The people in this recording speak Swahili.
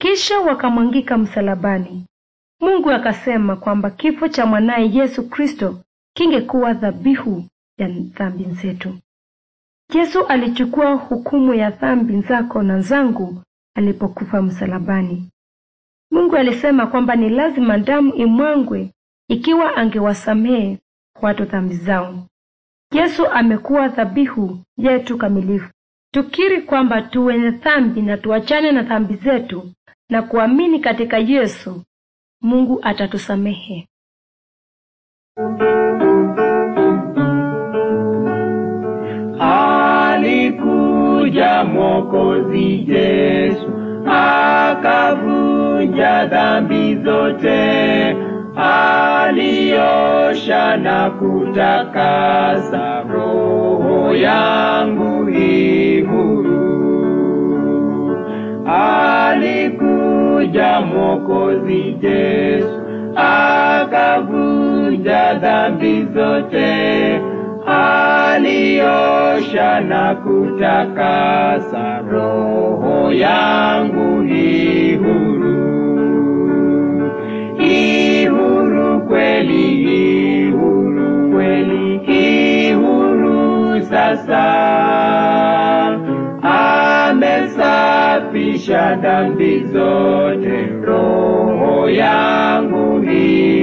kisha wakamwangika msalabani. Mungu akasema kwamba kifo cha mwanaye Yesu Kristo kingekuwa dhabihu ya dhambi zetu. Yesu alichukua hukumu ya dhambi zako na zangu alipokufa msalabani. Mungu alisema kwamba ni lazima damu imwangwe ikiwa angewasamehe watu dhambi zao. Yesu amekuwa dhabihu yetu kamilifu. Tukiri kwamba tuwe wenye dhambi na tuachane na dhambi zetu na kuamini katika Yesu, Mungu atatusamehe. Alikuja Mwokozi Yesu, akavunja dhambi zote, aliosha na kutakasa roho yangu huru. Aliku akakuja Mwokozi Yesu, akavuja dhambi zote, aliosha na kutakasa, roho yangu ihuru ihuru kweli, ihuru kweli, ihuru sasa kuonyesha dhambi zote, roho yangu hii